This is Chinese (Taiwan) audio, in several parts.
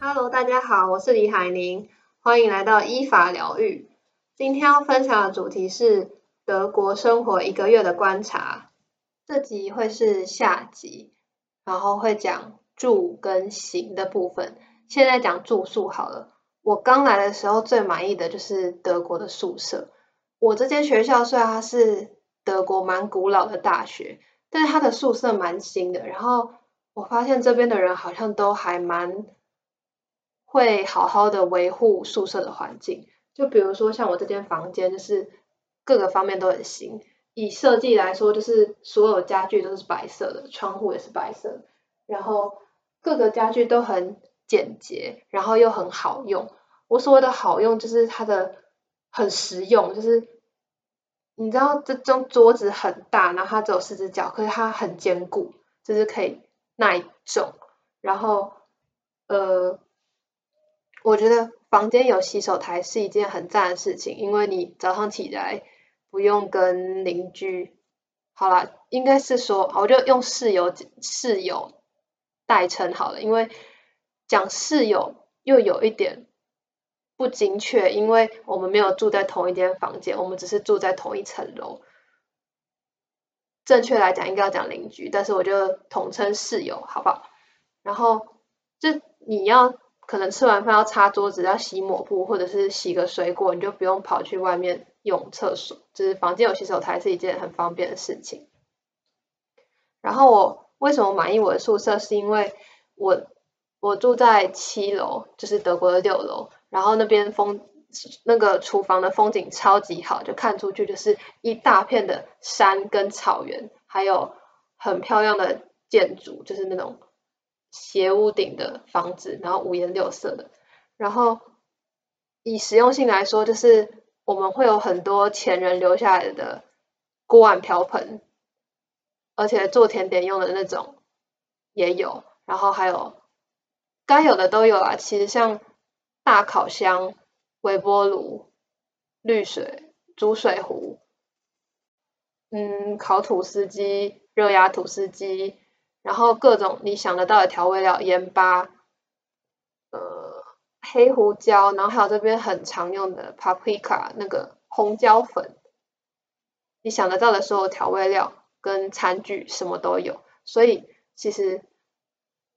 Hello，大家好，我是李海寧，歡迎來到依法療癒。今天要分享的主題是德國生活一個月的觀察。這集會是下集，然後會講住跟行的部分。現在講住宿好了。我剛來的時候最滿意的就是德國的宿舍。我這間學校雖然它是。德國蠻古老的大學，但是它的宿舍蠻新的。然後我發現這邊的人好像都還蠻會好好的維護宿舍的環境。就比如說像我這間房間，就是各個方面都很新。以設計來說，就是所有家具都是白色的，窗戶也是白色，然後各個家具都很簡潔，然後又很好用。我所謂的好用，就是它的很實用，就是。你知道這種桌子很大，然後它只有四隻腳，可是它很堅固，就是可以耐重。然後，呃，我覺得房間有洗手台是一件很讚的事情，因為你早上起來不用跟鄰居。好了，應該是說，我就用室友室友代稱好了，因為講室友又有一點。不精確，因為我們沒有住在同一間房間，我們只是住在同一層樓。正確來講，應該要講鄰居，但是我就統稱室友，好不好？然後，就你要可能吃完飯要擦桌子、要洗抹布，或者是洗個水果，你就不用跑去外面用廁所，就是房間有洗手台是一件很方便的事情。然後我，我為什麼滿意我的宿舍，是因為我我住在七樓，就是德國的六樓。然後那邊風，那個廚房的風景超級好，就看出去就是一大片的山跟草原，還有很漂亮的建築，就是那種斜屋頂的房子，然後五顏六色的。然後以實用性來說，就是我們會有很多前人留下來的鍋碗瓢盆，而且做甜點用的那種也有，然後還有該有的都有啊，其實像大烤箱、微波爐、濾水、煮水壺，嗯，烤吐司機、熱壓吐司機，然後各種你想得到的調味料，鹽巴、呃黑胡椒，然後還有這邊很常用的 paprika 那個紅椒粉，你想得到的所有調味料跟餐具什麼都有，所以其實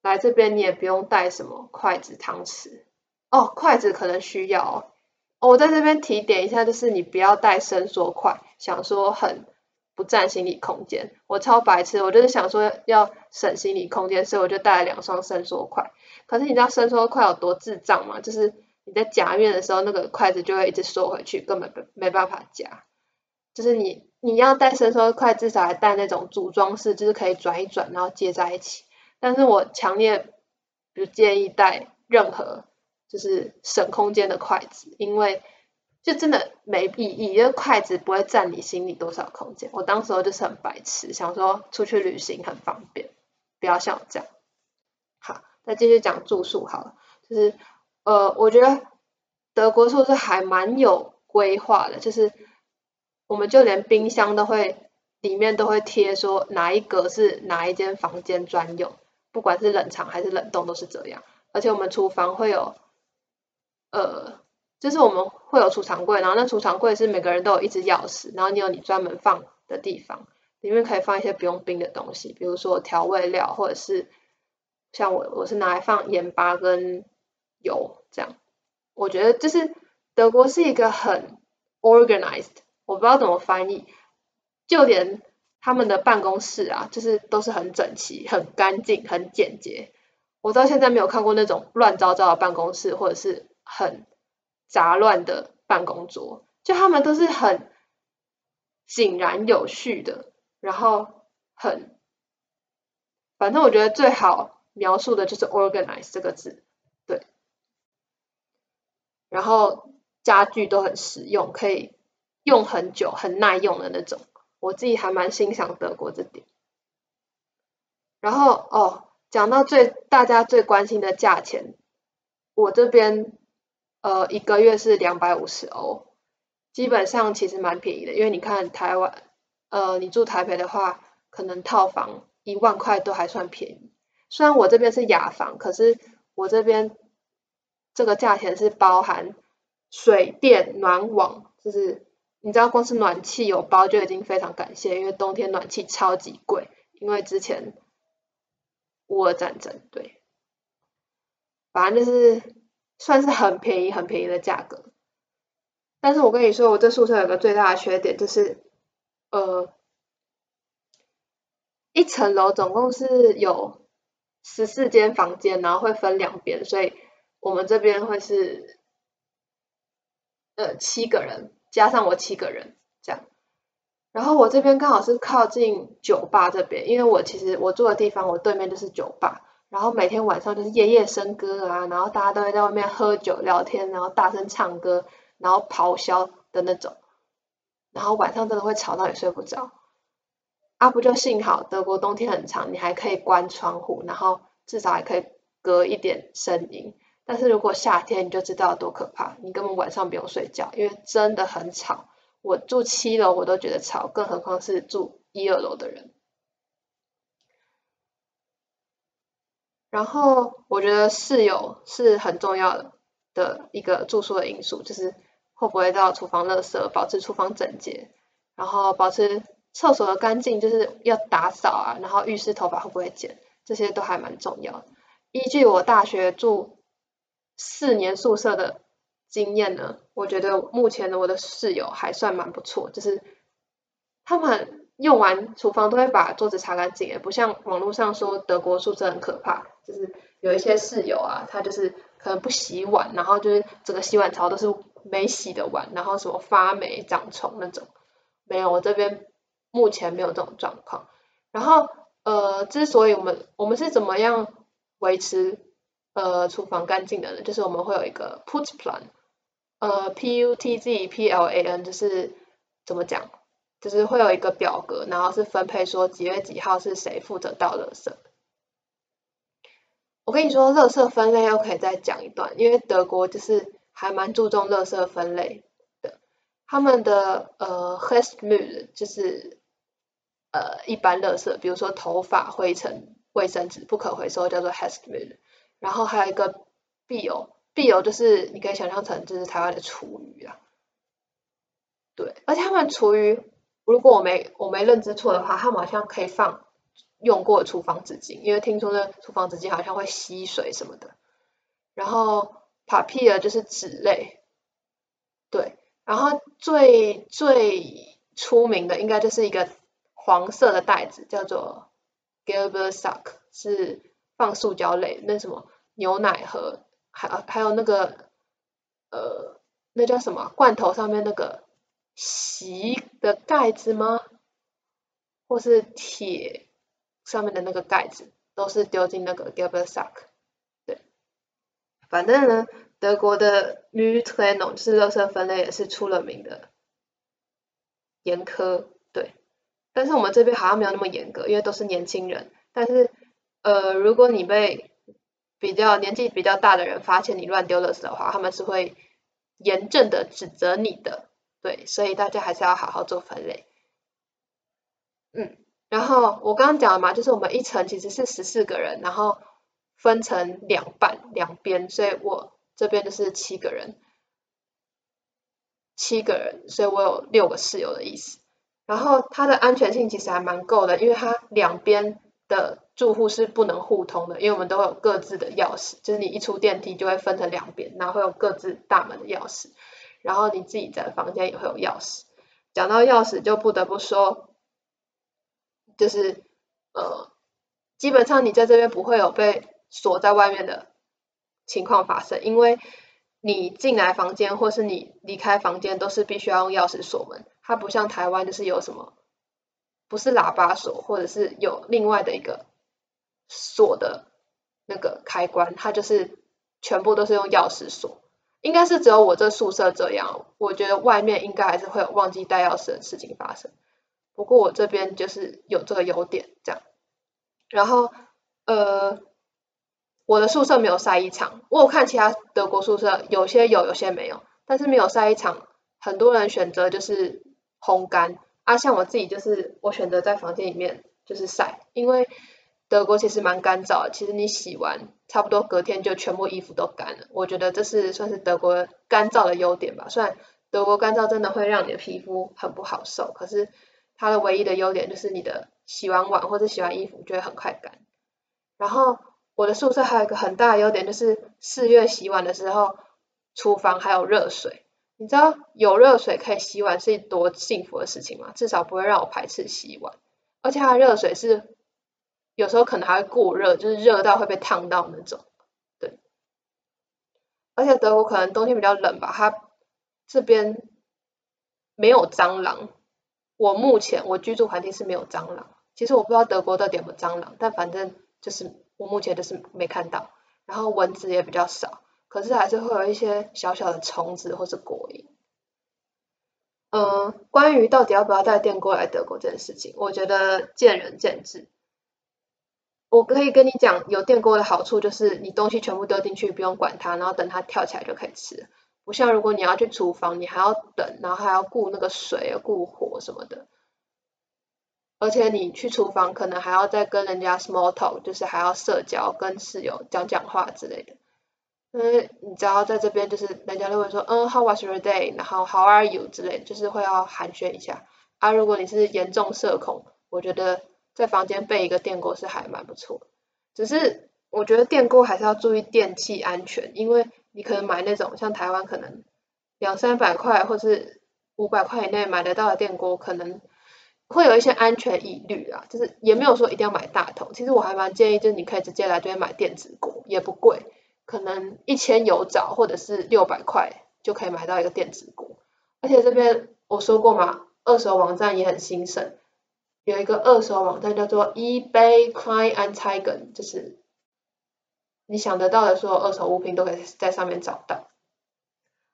來這邊你也不用帶什麼筷子、湯匙。哦，筷子可能需要、哦哦。我在這邊提點一下，就是你不要帶伸縮筷，想說很不占心理空間。我超白痴，我就是想說要省心理空間，所以我就帶了兩雙伸縮筷。可是你知道伸縮筷有多智障嗎？就是你在夾麵的時候，那個筷子就會一直縮回去，根本沒辦法夾。就是你你要帶伸縮筷，至少還帶那種組裝式，就是可以轉一轉，然後接在一起。但是我強烈不建議帶任何。就是省空間的筷子，因為就真的沒意義，一個筷子不會占你行李多少空間。我當時候就是很白痴，想說出去旅行很方便，不要像我這樣。好，那繼續講住宿好了。就是呃，我覺得德國宿舍還蠻有規劃的，就是我們就連冰箱都會裡面都會貼說哪一格是哪一間房間專用，不管是冷藏還是冷凍都是這樣。而且我們廚房會有。呃，就是我們會有儲藏櫃，然後那儲藏櫃是每個人都有一只鑰匙，然後你有你專門放的地方，裡面可以放一些不用冰的東西，比如說調味料，或者是像我我是拿來放鹽巴跟油這樣。我覺得就是德國是一個很 organized，我不知道怎麼翻譯，就連他們的辦公室啊，就是都是很整齊、很乾淨、很簡潔。我到現在沒有看過那種亂糟糟的辦公室，或者是。很雜亂的辦公桌，就他們都是很井然有序的，然後很，反正我覺得最好描述的就是 organize 這個字，對。然後家具都很實用，可以用很久、很耐用的那種，我自己還蠻欣賞德國這點。然後哦，講到最，大家最關心的價錢，我這邊。呃，一個月是兩百五十歐，基本上其實蠻便宜的，因為你看台灣，呃，你住台北的話，可能套房一萬塊都還算便宜。雖然我這邊是雅房，可是我這邊這個價錢是包含水電暖網，就是你知道，光是暖氣有包就已經非常感謝，因為冬天暖氣超級貴。因為之前烏俄戰爭，對，反正就是。算是很便宜很便宜的價格，但是我跟你說，我這宿舍有個最大的缺點就是，呃，一層樓總共是有十四間房間，然後會分兩邊，所以我們這邊會是呃七個人加上我七個人這樣，然後我這邊剛好是靠近酒吧這邊，因為我其實我住的地方我對面就是酒吧。然後每天晚上就是夜夜笙歌啊，然後大家都會在外面喝酒聊天，然後大聲唱歌，然後咆哮的那種，然後晚上真的會吵到你睡不着。啊，不就幸好德國冬天很長，你還可以關窗戶，然後至少還可以隔一點聲音。但是如果夏天你就知道有多可怕，你根本晚上不用睡覺，因為真的很吵。我住七樓我都覺得吵，更何況是住一二樓的人。然後我覺得室友是很重要的一個住宿的因素，就是會不會倒廚房垃圾，保持廚房整潔，然後保持廁所的乾淨，就是要打掃啊，然後浴室頭髮會不會剪，這些都還蠻重要。依據我大學住四年宿舍的經驗呢，我覺得目前的我的室友還算蠻不錯，就是他們。用完廚房都會把桌子擦乾淨，也不像網絡上說德國宿舍很可怕，就是有一些室友啊，他就是可能不洗碗，然後就是整個洗碗槽都是沒洗的碗，然後什麼發霉長蟲那種。沒有，我這邊目前沒有這種狀況。然後呃，之所以我們我們是怎麼樣維持呃廚房乾淨的呢？就是我們會有一個 put plan，呃，P U T Z P L A N，就是怎麼講？就是會有一個表格，然後是分配說幾月幾號是誰負責倒垃圾。我跟你說，垃圾分類要可以再講一段，因為德國就是還蠻注重垃圾分類的。他們的呃 Hausmüll 就是呃一般垃圾，比如說頭髮、灰塵、衛生紙不可回收，叫做 Hausmüll。然後還有一個 Bio，Bio 就是你可以想象成就是台灣的廚餘啦、啊，對，而且他們廚餘。如果我沒我沒認知錯的話，他們好像可以放用過廚房紙巾，因為聽說那廚房紙巾好像會吸水什麼的。然後 Papier 就是紙類，對。然後最最出名的應該就是一個黃色的袋子，叫做 Gelber Sack 是放塑膠類那什麼牛奶盒，還有還有那個呃那叫什麼罐頭上面那個。席的蓋子嗎？或是鐵上面的那個蓋子，都是丟進那個 Gelber Sack 對，反正呢，德國的 Mülltrennung 就是垃圾分類也是出了名的嚴苛。對，但是我們這邊好像沒有那麼嚴格，因為都是年輕人。但是，呃，如果你被比較年紀比較大的人發現你亂丟的時候，他們是會嚴正的指責你的。對，所以大家還是要好好做分類。嗯，然後我剛剛講了嘛，就是我們一層其實是十四個人，然後分成兩半兩邊，所以我這邊就是七個人，七個人，所以我有六個室友的意思。然後它的安全性其實還蠻夠的，因為它兩邊的住戶是不能互通的，因為我們都會有各自的鑰匙，就是你一出電梯就會分成兩邊，然後會有各自大門的鑰匙。然後你自己在房間也會有鑰匙。講到鑰匙，就不得不說，就是呃，基本上你在這邊不會有被鎖在外面的情況發生，因為你進來房間或是你離開房間，都是必須要用鑰匙鎖門。它不像台灣，就是有什麼不是喇叭鎖，或者是有另外的一個鎖的那個開關，它就是全部都是用鑰匙鎖。應該是只有我這宿舍這樣，我覺得外面應該還是會有忘記帶鑰匙的事情發生。不過我這邊就是有這個優點，這樣。然後呃，我的宿舍沒有曬衣場，我有看其他德國宿舍有些有，有些沒有，但是沒有曬衣場。很多人選擇就是烘乾啊，像我自己就是我選擇在房間裡面就是曬，因為。德國其實蠻乾燥的，其實你洗完差不多隔天就全部衣服都乾了。我覺得這是算是德國乾燥的優點吧。雖然德國乾燥真的會讓你的皮膚很不好受，可是它的唯一的優點就是你的洗完碗或者洗完衣服就會很快乾。然後我的宿舍還有一個很大的優點就是四月洗碗的時候，廚房還有熱水。你知道有熱水可以洗碗是多幸福的事情嗎？至少不會讓我排斥洗碗，而且它的熱水是。有時候可能還會過熱，就是熱到會被燙到那種，對。而且德國可能冬天比較冷吧，它這邊沒有蟑螂。我目前我居住環境是沒有蟑螂，其實我不知道德國到底有沒有蟑螂，但反正就是我目前就是沒看到。然後蚊子也比較少，可是還是會有一些小小的蟲子或者果蠅。嗯、呃，關於到底要不要帶電鍋來德國這件事情，我覺得見仁見智。我可以跟你講，有電鍋的好處就是你東西全部丟進去，不用管它，然後等它跳起來就可以吃。不像如果你要去廚房，你還要等，然後還要顧那個水、顧火什麼的。而且你去廚房可能還要再跟人家 small talk，就是還要社交跟室友講講話之類的。嗯，你只要在這邊，就是人家都會說，嗯，how was your day？然後 how are you？之類的，就是會要寒暄一下。啊，如果你是嚴重社恐，我覺得。在房間備一個電鍋是還蠻不錯，只是我覺得電鍋還是要注意電器安全，因為你可能買那種像台灣可能兩三百塊或是五百塊以內買得到的電鍋，可能會有一些安全疑慮啊。就是也沒有說一定要買大桶，其實我還蠻建議，就是你可以直接來這邊買電子鍋，也不貴，可能一千有找或者是六百塊就可以買到一個電子鍋。而且這邊我說過嘛，二手網站也很興盛。有一個二手網站叫做 eBay Kleinanzeigen，就是你想得到的所有二手物品都可以在上面找到。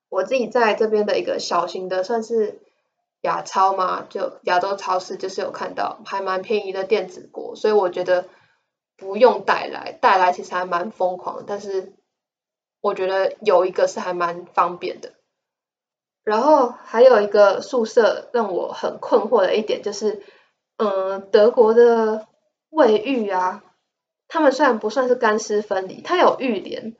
我自己在這邊的一個小型的算是亞超嘛，就亞洲超市，就是有看到還蠻便宜的電子鍋，所以我覺得不用帶來，帶來其實還蠻瘋狂。但是我覺得有一個是還蠻方便的。然後還有一個宿舍讓我很困惑的一點就是。嗯，德國的衛浴啊，他們雖然不算是乾濕分離，它有浴簾，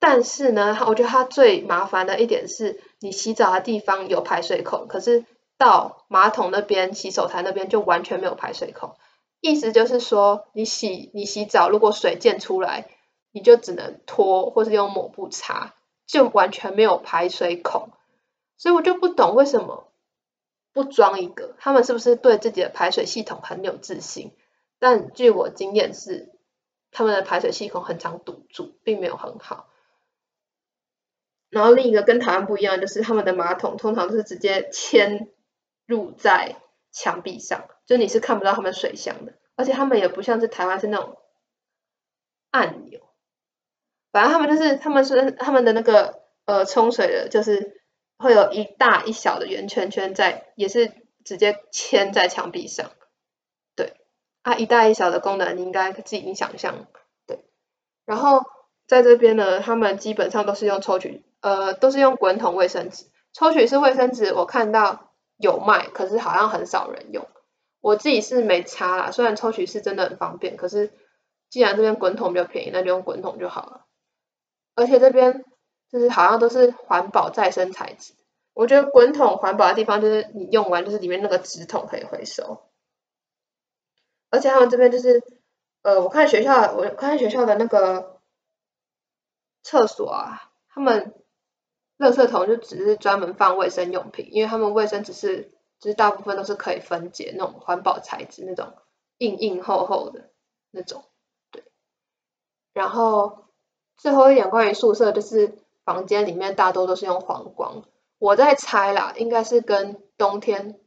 但是呢，我覺得它最麻煩的一點是，你洗澡的地方有排水口，可是到馬桶那邊、洗手台那邊就完全沒有排水口，意思就是說，你洗你洗澡，如果水濺出來，你就只能拖或是用抹布擦，就完全沒有排水孔，所以我就不懂為什麼，不裝一個，他們是不是對自己的排水系統很有自信？但據我經驗是，他們的排水系統很常堵住，並沒有很好。然後另一個跟台灣不一樣，就是他們的馬桶通常是直接嵌入在牆壁上，就你是看不到他們水箱的，而且他們也不像是台灣是那種按鈕，反正他們就是他們是他們的那個呃沖水的，就是。會有一大一小的圓圈圈在，也是直接牽在牆壁上，對，啊一大一小的功能你應該自己已經想象，對，然後在這邊呢，他們基本上都是用抽取，呃都是用滾筒衛生紙，抽取式衛生紙，我看到有賣，可是好像很少人用，我自己是沒差啦，雖然抽取式真的很方便，可是既然這邊滾筒比較便宜，那就用滾筒就好了，而且這邊。就是好像都是環保再生材質，我覺得滾筒環保的地方就是你用完就是裡面那個紙筒可以回收，而且他們這邊就是呃，我看學校我看學校的那個廁所啊，他們，垃圾桶就只是專門放衛生用品，因為他們衛生只是就是大部分都是可以分解那種環保材質那種硬硬厚厚的那種，對，然後最後一點關於宿舍就是。房間裡面大多都是用黃光，我在猜啦，應該是跟冬天，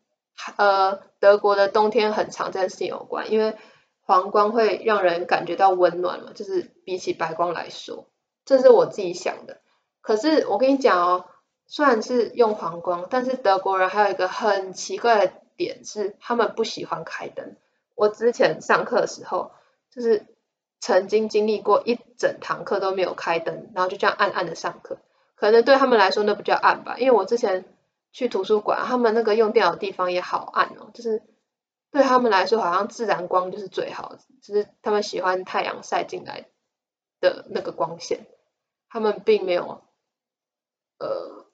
呃，德國的冬天很長這件事情有關，因為黃光會讓人感覺到溫暖嘛，就是比起白光來說，這是我自己想的。可是我跟你講哦，雖然是用黃光，但是德國人還有一個很奇怪的點是，他們不喜歡開燈。我之前上課的時候，就是。曾經經歷過一整堂課都沒有開燈，然後就這樣暗暗的上課，可能對他們來說那比較暗吧。因為我之前去圖書館，他們那個用電腦的地方也好暗哦，就是對他們來說好像自然光就是最好，就是他們喜歡太陽曬進來的那個光線，他們並沒有呃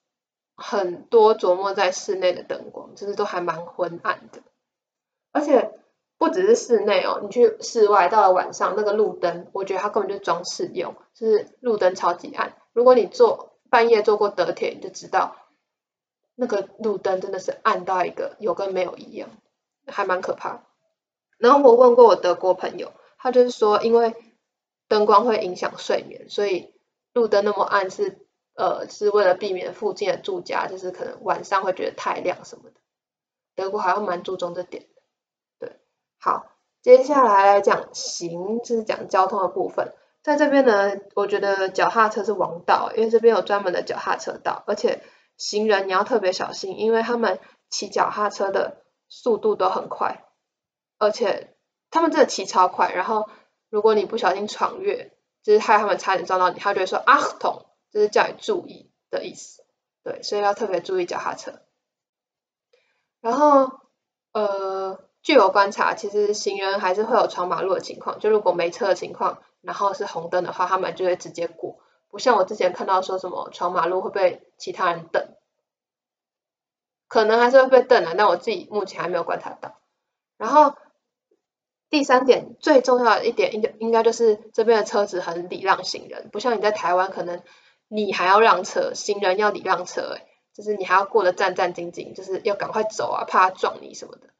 很多琢磨在室內的燈光，就是都還蠻昏暗的，而且不只是室內哦，你去室外，到了晚上那個路燈，我覺得它根本就是裝飾用，就是路燈超級暗。如果你坐半夜坐過德鐵，你就知道那個路燈真的是暗到一個有跟沒有一樣，還蠻可怕。然後我問過我德國朋友，他就是說，因為燈光會影響睡眠，所以路燈那麼暗是呃是為了避免附近的住家，就是可能晚上會覺得太亮什麼的。德國好像蠻注重這點。好，接下來來講行，就是講交通的部分。在這邊呢，我覺得腳踏車是王道，因為這邊有專門的腳踏車道，而且行人你要特別小心，因為他們騎腳踏車的速度都很快，而且他們真的騎超快。然後如果你不小心闖越，就是害他們差點撞到你，他就會說 Achtung，就是叫你注意的意思。對，所以要特別注意腳踏車。然後，呃。據我觀察，其實行人還是會有闖馬路的情況。就，如果沒車的情況，然後是紅燈的話，他們就會直接過。不像我之前看到說什麼闖馬路會被其他人瞪，可能還是會被瞪啊，但我自己目前還沒有觀察到。然後第三點最重要的一點，應該應該就是這邊的車子很禮讓行人，不像你在台灣，可能你還要讓車，行人要禮讓車，欸，誒，就是你還要過得戰戰兢兢，就是要趕快走啊，怕他撞你什麼的。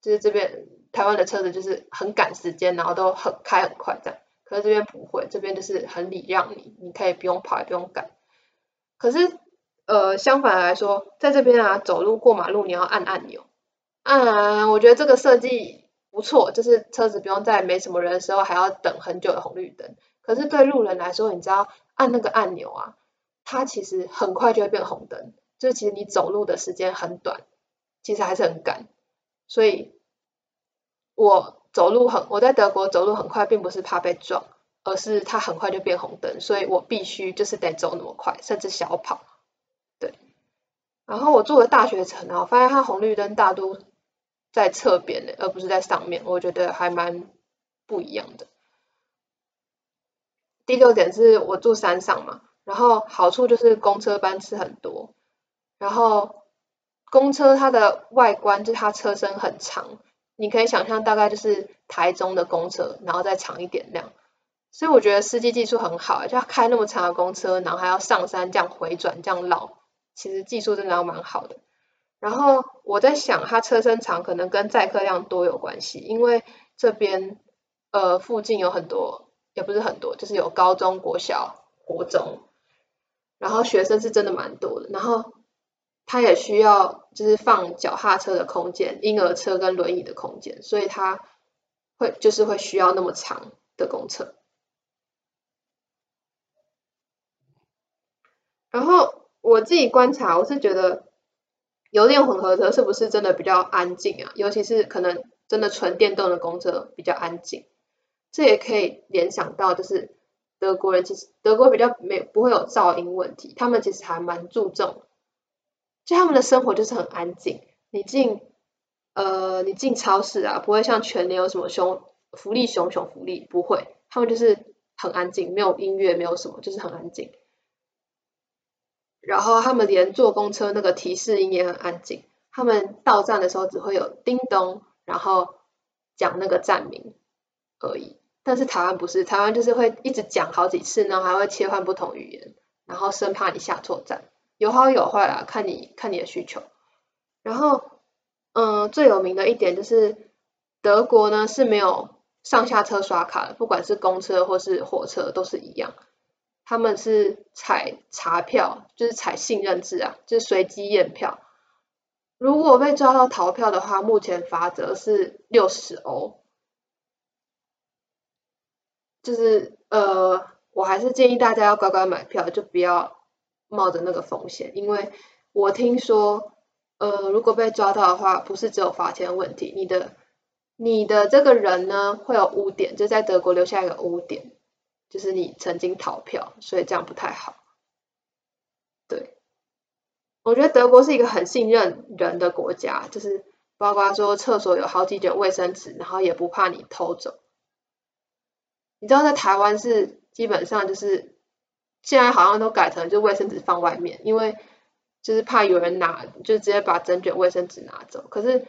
就是這邊台灣的車子就是很趕時間，然後都很開很快這樣。可是這邊不會，這邊就是很禮讓你，你可以不用跑也不用趕。可是呃相反來說，在這邊啊，走路過馬路你要按按鈕，按、嗯、按，我覺得這個設計不錯，就是車子不用在沒什麼人的時候還要等很久的紅綠燈。可是對路人來說，你知道按那個按鈕啊，它其實很快就會變紅燈，就是其實你走路的時間很短，其實還是很趕。所以，我走路很，我在德國走路很快，並不是怕被撞，而是它很快就變紅燈，所以我必須就是得走那麼快，甚至小跑。對，然後我住的大學城，然後我發現它紅綠燈大都在側邊的，而不是在上面，我覺得還蠻不一樣的。第六點是我住山上嘛，然後好處就是公車班次很多，然後。公車它的外觀就是它車身很長，你可以想象大概就是台中的公車，然後再長一點這樣。所以我覺得司機技術很好，就要開那麼長的公車，然後還要上山這樣回轉這樣繞，其實技術真的還蠻好的。然後我在想，它車身長可能跟載客量多有關係，因為這邊呃附近有很多，也不是很多，就是有高中、國小、國中，然後學生是真的蠻多的，然後。它也需要就是放腳踏車的空間、嬰兒車跟輪椅的空間，所以它會就是會需要那麼長的公車。然後我自己觀察，我是覺得油電混合車是不是真的比較安靜啊？尤其是可能真的純電動的公車比較安靜，這也可以聯想到就是德國人，其實德國比較沒有，不會有噪音問題，他們其實還蠻注重。就他們的生活就是很安靜，你進呃你進超市啊，不會像全聯有什麼熊福利、熊熊福利不會，他們就是很安靜，沒有音樂，沒有什麼，就是很安靜。然後他們連坐公車那個提示音也很安靜，他們到站的時候只會有叮咚，然後講那個站名而已。但是台灣不是，台灣就是會一直講好幾次，然後還會切換不同語言，然後生怕你下錯站。有好有壞啦，看你看你的需求。然後，嗯、呃，最有名的一點就是德國呢是沒有上下車刷卡的，不管是公車或是火車都是一樣，他們是採查票，就是採信任制啊，就是隨機驗票。如果被抓到逃票的話，目前罰則是六十歐。就是呃，我還是建議大家要乖乖買票，就不要。冒着那個風險，因為我聽說，呃，如果被抓到的話，不是只有罰錢的問題，你的你的這個人呢會有污點，就在德國留下一個污點，就是你曾經逃票，所以這樣不太好。對，我覺得德國是一個很信任人的國家，就是包括說廁所有好幾卷衛生紙，然後也不怕你偷走。你知道在台灣是基本上就是。現在好像都改成就衛生紙放外面，因為就是怕有人拿，就是、直接把整卷衛生紙拿走。可是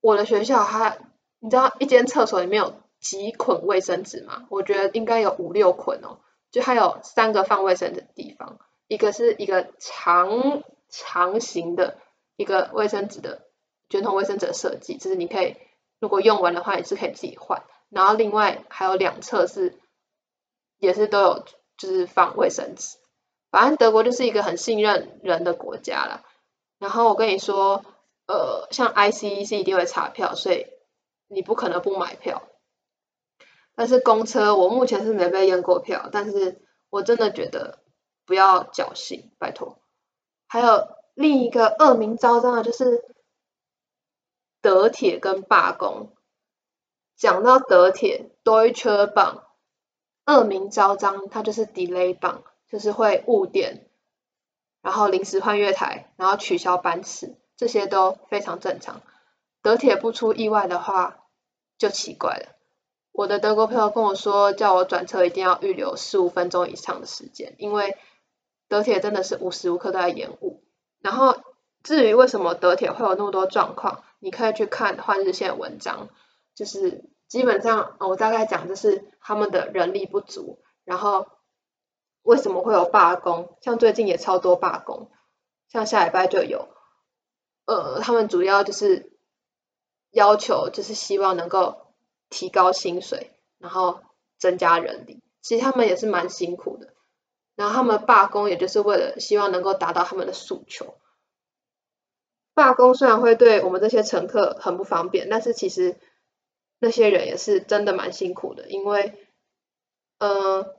我的學校它，你知道一間廁所裡面有幾捆衛生紙嘛？我覺得應該有五六捆哦。就還有三個放衛生紙的地方，一個是一個長長形的一個衛生紙的卷筒衛生紙的設計，就是你可以如果用完的話也是可以自己換。然後另外還有兩側是也是都有。就是放衛生子，反正德國就是一個很信任人的國家了。然後我跟你說，呃，像 ICE 是一定會查票，所以你不可能不買票。但是公車我目前是沒被驗過票，但是我真的覺得不要僥倖，拜託。還有另一個惡名昭彰的就是德鐵跟罷工。講到德鐵，Deutsche b a 惡名昭彰，它就是 delay 榜，就是會誤點，然後臨時換月台，然後取消班次，這些都非常正常。德鐵不出意外的話，就奇怪了。我的德國朋友跟我說，叫我轉車一定要預留十五分鐘以上的時間，因為德鐵真的是無時無刻都在延誤。然後，至於為什麼德鐵會有那麼多狀況，你可以去看換日線的文章，就是。基本上，我大概講就是他們的人力不足，然後為什麼會有罷工？像最近也超多罷工，像下禮拜就有，呃，他們主要就是要求，就是希望能夠提高薪水，然後增加人力。其實他們也是蠻辛苦的，然後他們罷工也就是為了希望能夠達到他們的訴求。罷工雖然會對我們這些乘客很不方便，但是其實。那些人也是真的蠻辛苦的，因為，呃，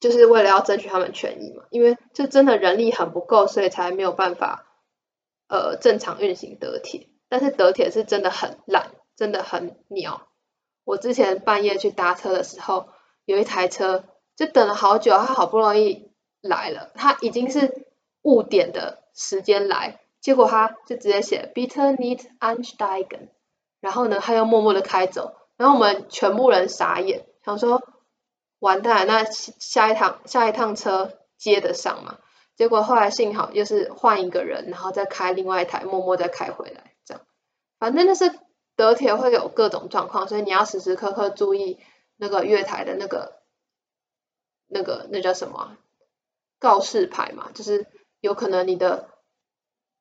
就是為了要爭取他們權益嘛。因為這真的人力很不夠，所以才沒有辦法，呃，正常運行德鐵。但是德鐵是真的很懶，真的很鳥。我之前半夜去搭車的時候，有一台車就等了好久，他好不容易來了，他已經是誤點的時間來，結果他就直接寫 Bitte nicht einsteigen 然後呢，他又默默的開走，然後我們全部人傻眼，想說完蛋，那下一趟下一趟車接得上嗎？結果後來幸好又是換一個人，然後再開另外一台默默再開回來，這樣。反正那是德鐵會有各種狀況，所以你要時時刻刻注意那個月台的那個那個那叫什麼啊？告示牌嘛，就是有可能你的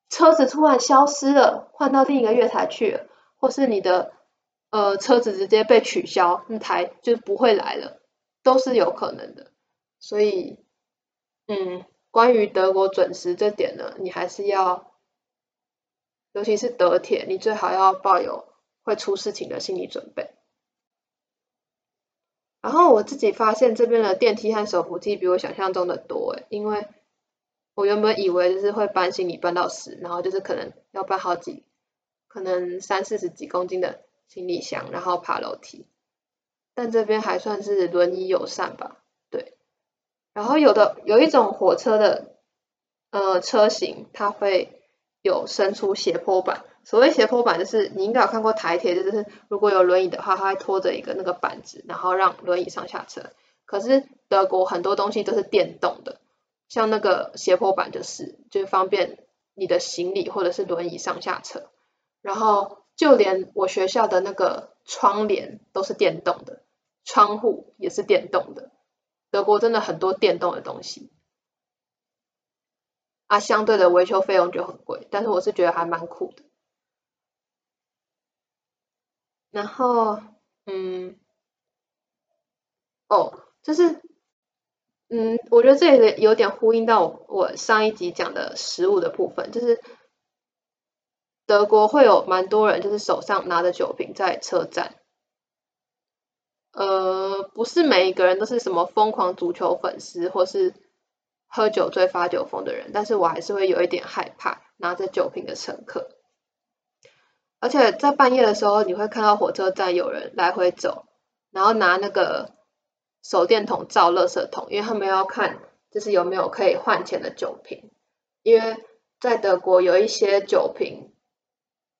車子突然消失了，換到另一個月台去了。或是你的呃車子直接被取消，那台就不會來了，都是有可能的。所以，嗯，關於德國準時這點呢，你還是要，尤其是德鐵，你最好要抱有會出事情的心理準備。然後我自己發現這邊的電梯和手扶梯比我想象中的多誒，因為我原本以為就是會搬行李搬到十，然後就是可能要搬好幾，可能三四十幾公斤的行李箱，然後爬樓梯，但這邊還算是輪椅友善吧，對。然後有的有一種火車的呃車型，它會有伸出斜坡板。所謂斜坡板，就是你應該有看過台鐵，就是如果有輪椅的話，它會拖着一個那個板子，然後讓輪椅上下車。可是德國很多東西都是電動的，像那個斜坡板就是就方便你的行李或者是輪椅上下車。然後，就連我學校的那個窗簾都是電動的，窗戶也是電動的。德國真的很多電動的東西，啊，相對的維修費用就很貴，但是我是覺得還蠻酷的。然後，嗯，哦，就是，嗯，我覺得這裡有點呼應到我我上一集講的食物的部分，就是。德國會有蠻多人，就是手上拿着酒瓶在車站。呃，不是每一個人都是什麼瘋狂足球粉絲或是喝酒醉發酒瘋的人，但是我還是會有一點害怕拿着酒瓶的乘客。而且在半夜的時候，你會看到火車站有人來回走，然後拿那個手電筒照垃圾桶，因為他們要看就是有沒有可以換錢的酒瓶。因為在德國有一些酒瓶。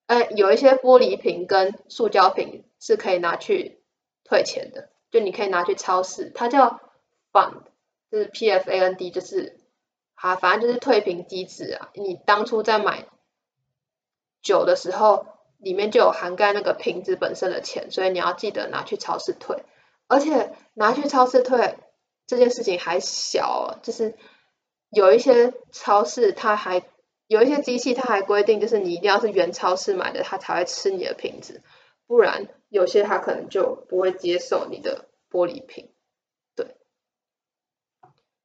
哎、欸，有一些玻璃瓶跟塑膠瓶是可以拿去退錢的，就你可以拿去超市，它叫 Pfand，就是 P F A N D，就是啊，反正就是退瓶機制啊。你當初在買酒的時候，裡面就有涵蓋那個瓶子本身的錢，所以你要記得拿去超市退。而且拿去超市退這件事情還小、哦，就是有一些超市它還。有一些機器，它還規定就是你一定要是原超市買的，它才會吃你的瓶子，不然有些它可能就不會接受你的玻璃瓶。對。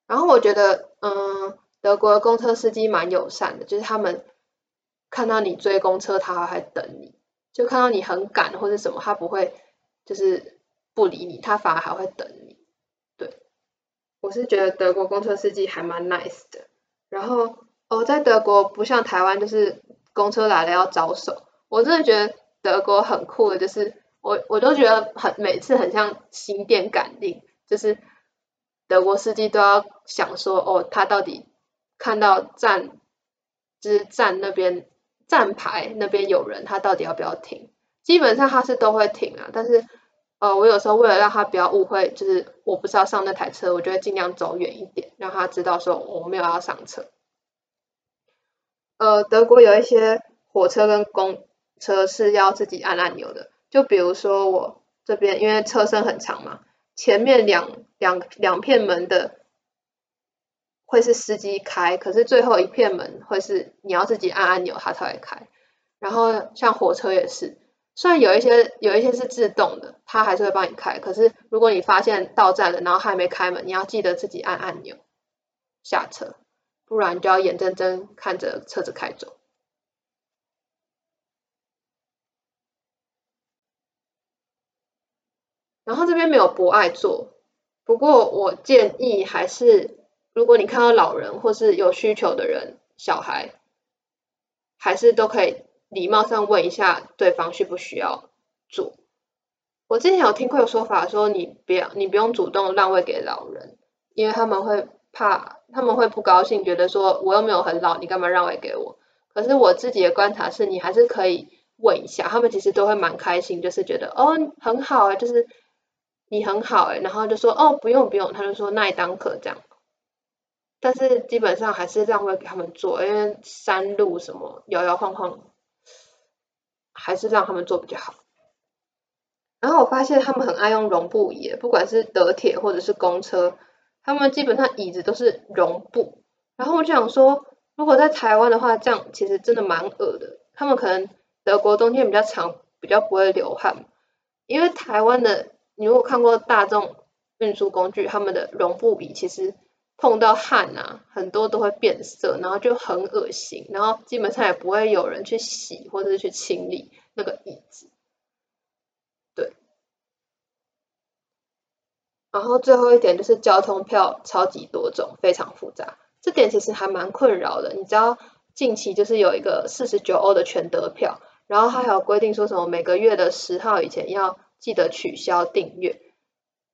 然後我覺得，嗯，德國的公車司機蠻友善的，就是他們看到你追公車，他還會等你；就看到你很趕或者什麼，他不會就是不理你，他反而還會等你。對。我是覺得德國公車司機還蠻 nice 的，然後。我、哦、在德國不像台灣，就是公車來了要招手。我真的覺得德國很酷的，就是我我都覺得很每次很像心電感應，就是德國司機都要想說，哦，他到底看到站，就是站那邊站牌那邊有人，他到底要不要停？基本上他是都會停啊，但是呃，我有時候為了讓他不要誤會，就是我不是要上那台車，我就會盡量走遠一點，讓他知道說我沒有要上車。呃，德國有一些火車跟公車是要自己按按鈕的。就比如說我這邊，因為車身很長嘛，前面兩兩兩片門的會是司機開，可是最後一片門會是你要自己按按鈕它才會開。然後像火車也是，雖然有一些有一些是自動的，它還是會幫你開。可是如果你發現到站了，然後還沒開門，你要記得自己按按鈕，下車。不然就要眼睜睜看着車子開走。然後這邊沒有博愛座，不過我建議還是，如果你看到老人或是有需求的人、小孩，還是都可以禮貌上問一下對方需不需要坐。我之前有聽過有說法說，你不要你不用主動讓位給老人，因為他們會。怕他們會不高興，覺得說我又沒有很老，你幹嘛讓位給我？可是我自己的觀察是你還是可以問一下，他們其實都會蠻開心，就是覺得哦很好啊、欸，就是你很好、欸、然後就說哦不用不用，他就說耐當可這樣。但是基本上還是讓位給他們坐，因為山路什麼搖搖晃晃，還是讓他們做比較好。然後我發現他們很愛用絨布，也不管是德鐵或者是公車，他們基本上椅子都是絨布，然後我就想說，如果在台灣的話，這樣其實真的蠻噁的。他們可能德國冬天比較長，比較不會流汗，因為台灣的你如果看過大眾運輸工具，他們的絨布椅其實碰到汗啊，很多都會變色，然後就很噁心，然後基本上也不會有人去洗或者是去清理那個椅子。然後最後一點就是交通票超級多種，非常複雜，這點其實還蠻困擾的。你知道，近期就是有一個四十九歐的全德票，然後他還有規定說什麼每個月的十號以前要記得取消訂閱，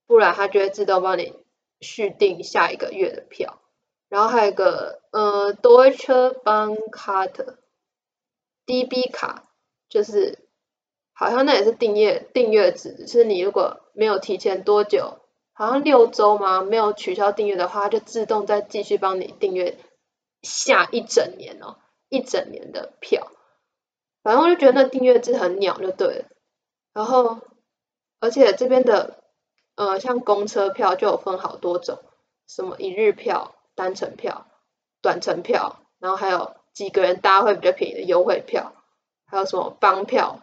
不然他就會自動幫你續訂下一個月的票。然後還有一個呃，Deutsche Bahn Card（DB 卡）就是好像那也是訂閱訂閱制，是你如果沒有提前多久。好像六周嘛，沒有取消訂閱的話，就自動再繼續幫你訂閱下一整年哦，一整年的票。反正我就覺得那訂閱制很鳥，就對了。然後，而且這邊的，呃，像公車票就有分好多種，什麼一日票、單程票、短程票，然後還有幾個人搭會比較便宜的優惠票，還有什麼幫票，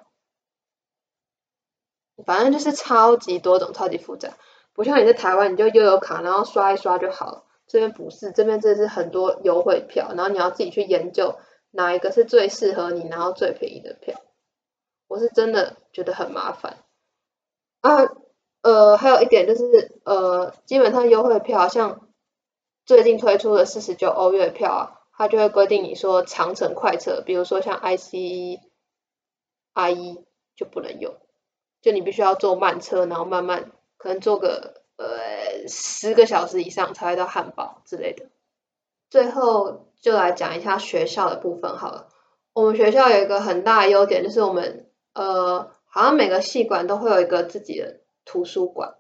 反正就是超級多種、超級複雜。不像你在台灣，你就悠遊卡然後刷一刷就好了。這邊不是，這邊這是很多優惠票，然後你要自己去研究哪一個是最適合你，然後最便宜的票。我是真的覺得很麻煩啊。呃，還有一點就是，呃，基本上優惠票像最近推出的四十九歐月票啊，它就會規定你說長程快車，比如說像 ICE、I E 就不能用，就你必須要坐慢車，然後慢慢。可能坐個呃十個小時以上才會到漢堡之類的。最後就來講一下學校的部分好了。我們學校有一個很大的優點就是我們呃好像每個系館都會有一個自己的圖書館，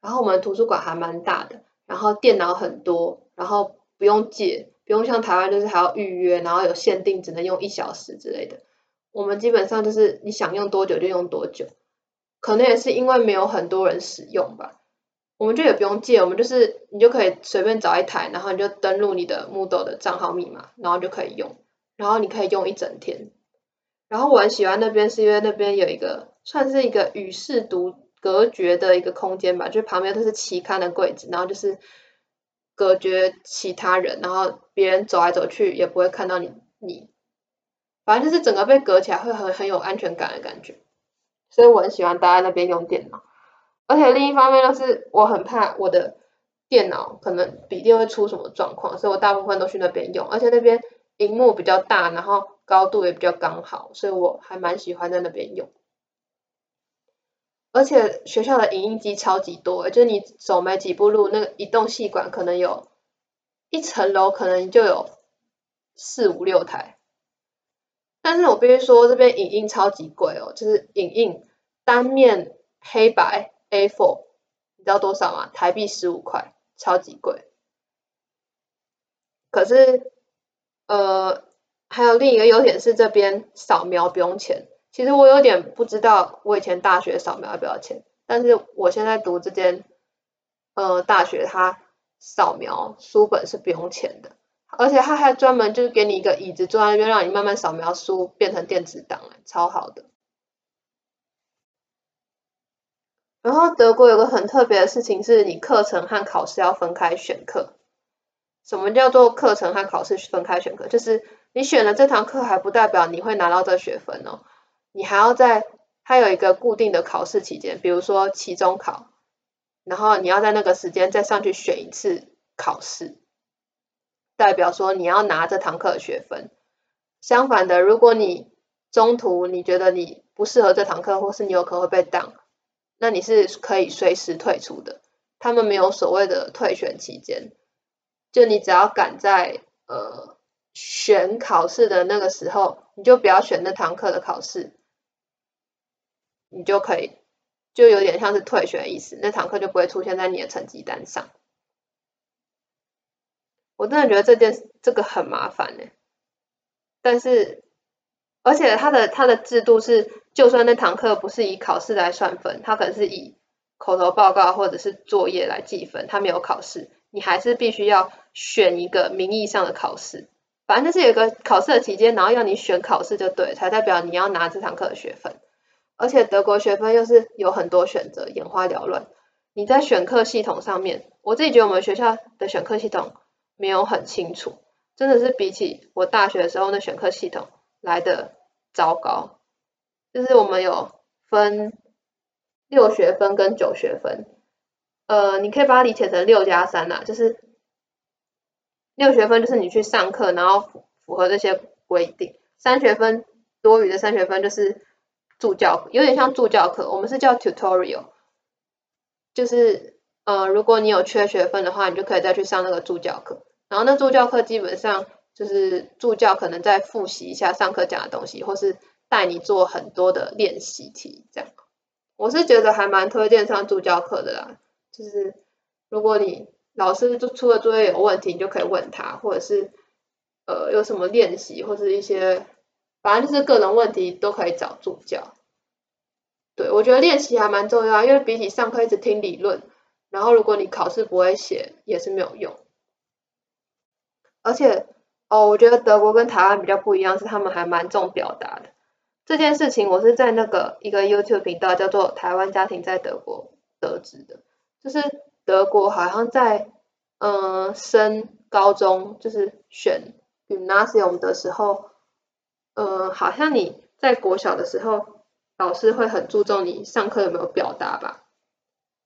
然後我們圖書館還蠻大的，然後電腦很多，然後不用借，不用像台灣就是還要預約，然後有限定只能用一小時之類的。我們基本上就是你想用多久就用多久。可能也是因為沒有很多人使用吧，我們就也不用借，我們就是你就可以隨便找一台，然後你就登錄你的 Moodle 的賬號密碼，然後就可以用，然後你可以用一整天。然後我很喜歡那邊，是因為那邊有一個算是一個與世獨隔絕的一個空間吧，就是旁邊都是期刊的櫃子，然後就是隔絕其他人，然後別人走來走去也不會看到你，你，反正就是整個被隔起來，會很很有安全感的感覺。所以我很喜歡待在那邊用電腦，而且另一方面就是我很怕我的電腦可能筆電會出什麼狀況，所以我大部分都去那邊用，而且那邊熒幕比較大，然後高度也比較剛好，所以我還蠻喜歡在那邊用，而且學校的影印機超級多，就是你走沒幾步路，那個一棟系館可能有一層樓可能就有四五六台。但是我必須說，這邊影印超級貴哦，就是影印單面黑白 A4，你知道多少嗎？台幣十五塊，超級貴。可是，呃，還有另一個優點是這邊掃描不用錢。其實我有點不知道，我以前大學掃描要不要錢？但是我現在讀這間呃大學，它掃描書本是不用錢的。而且他還專門就是給你一個椅子坐在那邊，讓你慢慢掃描書變成電子檔嘞，超好的。然後德國有個很特別的事情，是你課程和考試要分開選課。什麼叫做課程和考試分開選課？就是你選了這堂課還不代表你會拿到這學分哦，你還要在它有一個固定的考試期間，比如說期中考，然後你要在那個時間再上去選一次考試。代表說你要拿這堂課的學分。相反的，如果你中途你覺得你不適合這堂課，或是你有可能會被當，那你是可以隨時退出的。他們沒有所謂的退選期間，就你只要趕在呃選考試的那個時候，你就不要選那堂課的考試，你就可以，就有點像是退選的意思，那堂課就不會出現在你的成績單上。我真的覺得這件事這個很麻煩哎、欸，但是，而且他的他的制度是，就算那堂課不是以考試來算分，他可能是以口頭報告或者是作業來計分，他沒有考試，你還是必須要選一個名義上的考試。反正就是有一個考試的期間，然後要你選考試就對，才代表你要拿這堂課的學分。而且德國學分又是有很多選擇，眼花繚亂。你在選課系統上面，我自己覺得我們學校的選課系統。沒有很清楚，真的是比起我大學的時候那選課系統來的糟糕。就是我們有分六學分跟九學分，呃，你可以把它理解成六加三吶、啊。就是六學分就是你去上課，然後符合這些規定；三學分多餘的三學分就是助教，有點像助教課，我們是叫 tutorial。就是呃，如果你有缺學分的話，你就可以再去上那個助教課。然後那助教課基本上就是助教可能再複習一下上課講的東西，或是帶你做很多的練習題，這樣。我是覺得還蠻推薦上助教課的啦。就是如果你老師就出了作業有問題，你就可以問他，或者是呃有什麼練習或是一些，反正就是各種問題都可以找助教。對，我覺得練習還蠻重要，因為比起上課一直聽理論，然後如果你考試不會寫也是沒有用。而且，哦，我覺得德國跟台灣比較不一樣，是他們還蠻重表達的。這件事情我是在那個一個 YouTube 頻道叫做《台灣家庭在德國》得知的，就是德國好像在嗯、呃、升高中就是選 Gymnasium 的時候，呃好像你在國小的時候，老師會很注重你上課有沒有表達吧？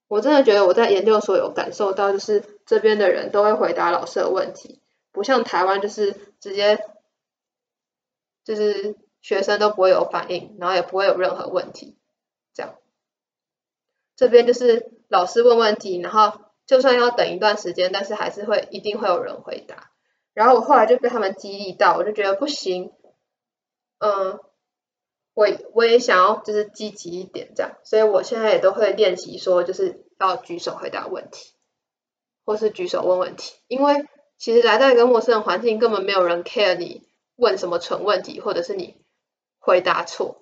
我真的覺得我在研究所有感受到，就是這邊的人都會回答老師的問題。不像台灣，就是直接就是學生都不會有反應，然後也不會有任何問題，這樣。這邊就是老師問問題，然後就算要等一段時間，但是還是會一定會有人回答。然後我後來就被他們激勵到，我就覺得不行，嗯，我我也想要就是積極一點這樣，所以我現在也都會練習說就是要舉手回答問題，或是舉手問問題，因為。其實來到一個陌生的環境，根本沒有人 care 你問什麼蠢問題，或者是你回答錯。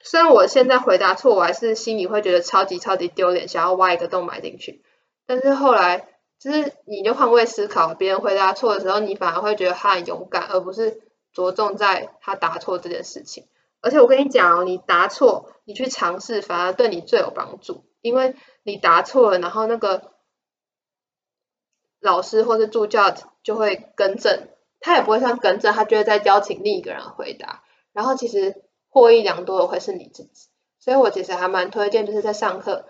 雖然我現在回答錯，我還是心裡會覺得超級超級丟臉，想要挖一個洞埋進去。但是後來，就是你就換位思考，別人回答錯的時候，你反而會覺得他很勇敢，而不是着重在他答錯這件事情。而且我跟你講哦，你答錯，你去嘗試，反而對你最有幫助，因為你答錯了，然後那個。老師或是助教就會更正，他也不會像更正，他就會再邀請另一個人回答。然後其實獲益良多的會是你自己，所以我其實還蠻推薦就是在上課，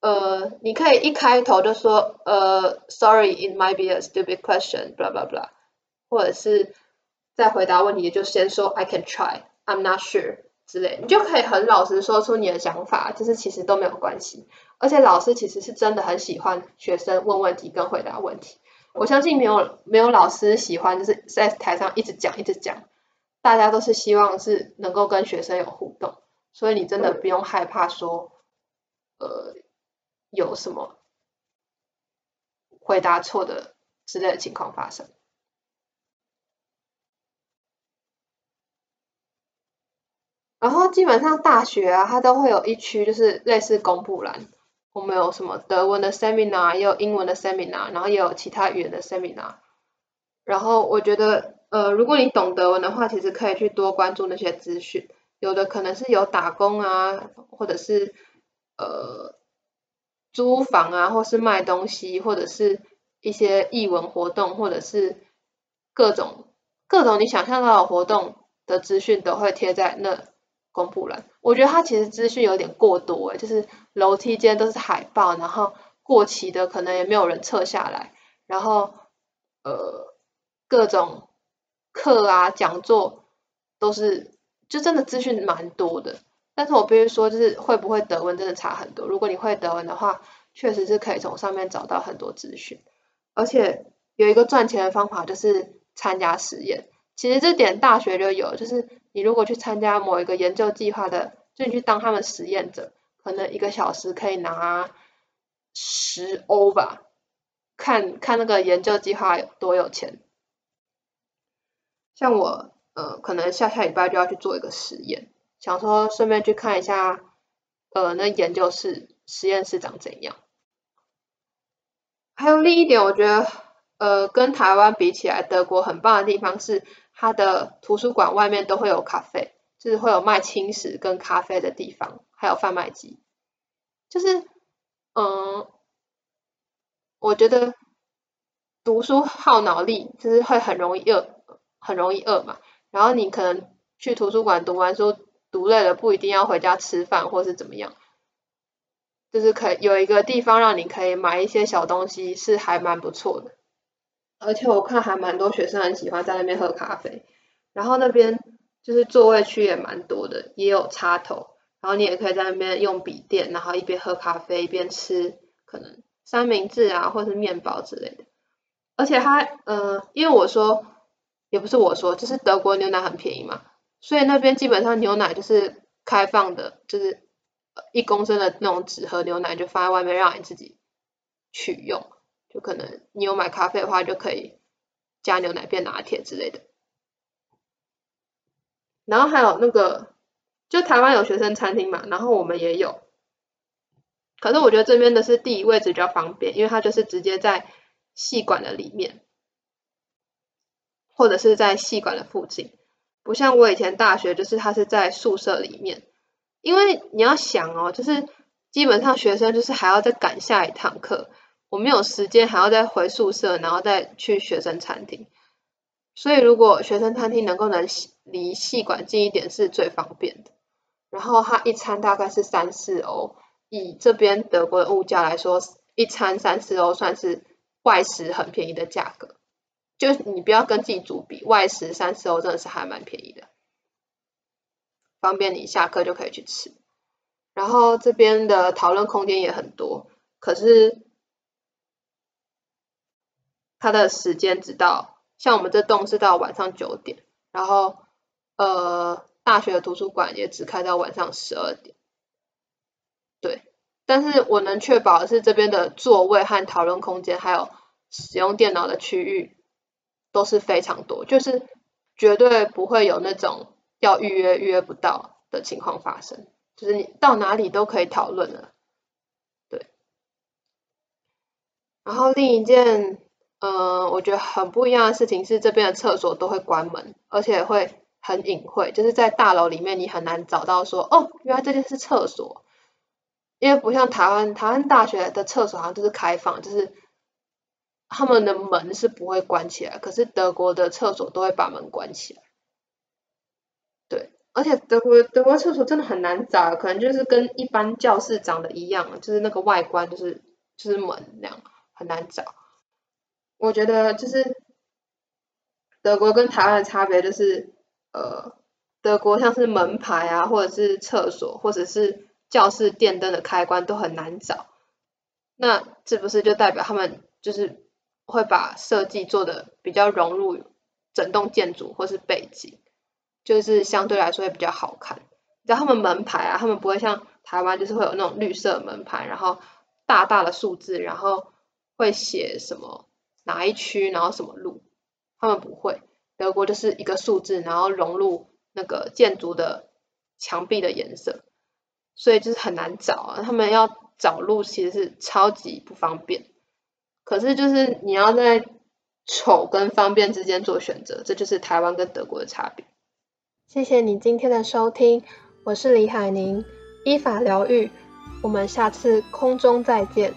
呃，你可以一開頭就說，呃，Sorry, it might be a stupid question，blah blah blah，或者是，在回答問題就先說，I can try, I'm not sure。之類，你就可以很老實說出你的想法，就是其實都沒有關係。而且老師其實是真的很喜歡學生問問題跟回答問題。我相信沒有沒有老師喜歡就是在台上一直講一直講，大家都是希望是能夠跟學生有互動，所以你真的不用害怕說，呃，有什麼回答錯的之類的情況發生。然後基本上大學啊，它都會有一區，就是類似公布欄。我們有什麼德文的 seminar，也有英文的 seminar，然後也有其他語言的 seminar。然後我覺得，呃，如果你懂德文的話，其實可以去多關注那些資訊。有的可能是有打工啊，或者是呃租房啊，或是賣東西，或者是一些藝文活動，或者是各種各種你想象到的活動的資訊都會貼在那。公布欄，我覺得它其實資訊有點過多哎，就是樓梯間都是海報，然後過期的可能也沒有人撤下來，然後呃各種課啊講座都是，就真的資訊蠻多的。但是我必須說，就是會不會德文真的差很多？如果你會德文的話，確實是可以從上面找到很多資訊，而且有一個賺錢的方法就是參加實驗。其實這點大學就有，就是你如果去參加某一個研究計劃的，就你去當他們實驗者，可能一個小時可以拿十歐吧，看看那個研究計劃有多有錢。像我呃，可能下下禮拜就要去做一個實驗，想說順便去看一下，呃，那研究室實驗室長怎樣。還有另一點，我覺得。呃，跟台灣比起來，德國很棒的地方是，它的圖書館外面都會有咖啡，就是會有賣輕食跟咖啡的地方，還有販賣機。就是，嗯，我覺得讀書耗腦力，就是會很容易餓，很容易餓嘛。然後你可能去圖書館讀完書，讀累了不一定要回家吃飯或是怎麼樣，就是可以有一個地方讓你可以買一些小東西，是還蠻不錯的。而且我看還蠻多學生很喜歡在那邊喝咖啡，然後那邊就是座位區也蠻多的，也有插頭，然後你也可以在那邊用筆電，然後一邊喝咖啡一邊吃，可能三明治啊或者是麵包之類的。而且它，呃，因為我說，也不是我說，就是德國牛奶很便宜嘛，所以那邊基本上牛奶就是開放的，就是一公升的那種紙盒牛奶就放在外面讓你自己取用。就可能你有買咖啡的話，就可以加牛奶變拿鐵之類的。然後還有那個，就台灣有學生餐廳嘛，然後我們也有。可是我覺得這邊的是地理位置比較方便，因為它就是直接在系館的裡面，或者是在系館的附近，不像我以前大學，就是它是在宿舍裡面。因為你要想哦，就是基本上學生就是還要再趕下一堂課。我沒有時間，還要再回宿舍，然後再去學生餐廳。所以如果學生餐廳能夠能離系館近一點，是最方便的。然後它一餐大概是三四歐，以這邊德國的物價來說，一餐三四歐算是外食很便宜的價格。就你不要跟自己煮比，外食三四歐真的是還蠻便宜的，方便你下課就可以去吃。然後這邊的討論空間也很多，可是。它的時間只到，像我們這棟是到晚上九點，然後呃，大學的圖書館也只開到晚上十二點，對。但是我能確保的是這邊的座位和討論空間，還有使用電腦的區域，都是非常多，就是絕對不會有那種要預約預約不到的情況發生，就是你到哪裡都可以討論的，對。然後另一件。嗯，我覺得很不一樣的事情是，這邊的廁所都會關門，而且會很隱晦，就是在大樓裡面你很難找到說哦，原來這邊是廁所，因為不像台灣，台灣大學的廁所好像都是開放，就是他們的門是不會關起來，可是德國的廁所都會把門關起來，對，而且德國德國廁所真的很難找，可能就是跟一般教室長得一樣，就是那個外觀就是就是門那樣，很難找。我覺得就是德國跟台灣的差別就是，呃，德國像是門牌啊，或者是廁所，或者是教室電燈的開關都很難找。那是不是就代表他們就是會把設計做得比較融入整棟建築或是背景，就是相對來說也比較好看。你知道他們門牌啊，他們不會像台灣就是會有那種綠色門牌，然後大大的數字，然後會寫什麼？哪一區，然後什麼路，他們不會。德國就是一個數字，然後融入那個建築的牆壁的顏色，所以就是很難找啊。他們要找路其實是超級不方便。可是就是你要在醜跟方便之間做選擇，這就是台灣跟德國的差別。謝謝你今天的收聽，我是李海寧，依法療癒，我們下次空中再見。